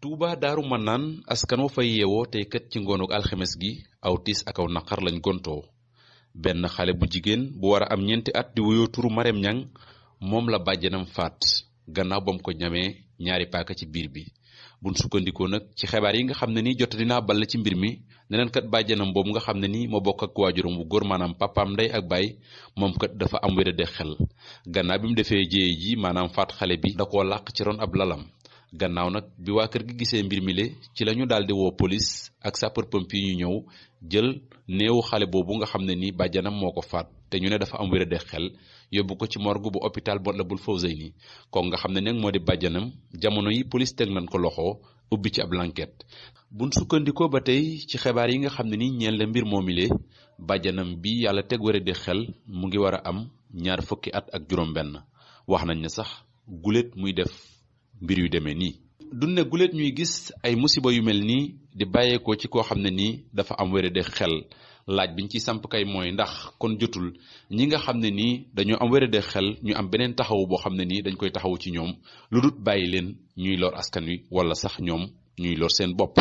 Touba Daaru Manaan askan wa fa yeewoo teykat ci ngoonuk alxemes gi aw tiis ak aw naqar lañu gontoo benn xale bu jigéen bu war a am ñeenti at di wuyoo turu Marem Ñang moom la bàjjenam faat gannaaw ba ko ñamee ñaari paaka ci biir bi buñ sukkandikoo nag ci xabaar yi nga xam ne nii jot dinaa ball ci mbir mi neneen kat bàjjenam boobu nga xam ne nii moo bokk ak waajuram bu góor maanaam papaam ndey ak baay moom kat dafa am wérade xel gannaaw bi mu defee jéye ji maanaam faat xale bi da koo làq ci ron ab lalam gannaaw nag bi waa kër gi gisee mbir mile ci la ñu daal di woo polis ak sapeur pompier ñu ñëw jël néewu xale boobu nga xam ne nii bàjjanam moo ko faat te ñu ne dafa am wérade xel yóbbu ko ci morgue bu hôpital Matlaboul Fawzeyni kon nga xam ne nag moo di bàjjanam jamono yi police teg nañ ko loxo ubbi ci ab enquête buñ sukkandikoo ba tey ci xibaar yi nga xam ne ni ñeel mbir moo moomile bàjjanam bi yàlla teg wérade xel mu ngi war a am ñaar fukki at ak juróom benn wax nañ ne sax guléet muy def mbir yu demee nii dun ne guléet ñuy gis ay musiba yu mel nii di bàyyeekoo ci koo xam ne nii dafa am wérade xel laaj bi ñu ciy samp kay mooy ndax kon jotul ñi nga xam ne nii dañoo am wérade xel ñu am beneen taxawu boo xam ne nii dañ koy taxawu ci ñoom lu dut bàyyi leen ñuy lor askan wi wala sax ñoom ñuy lor seen bopp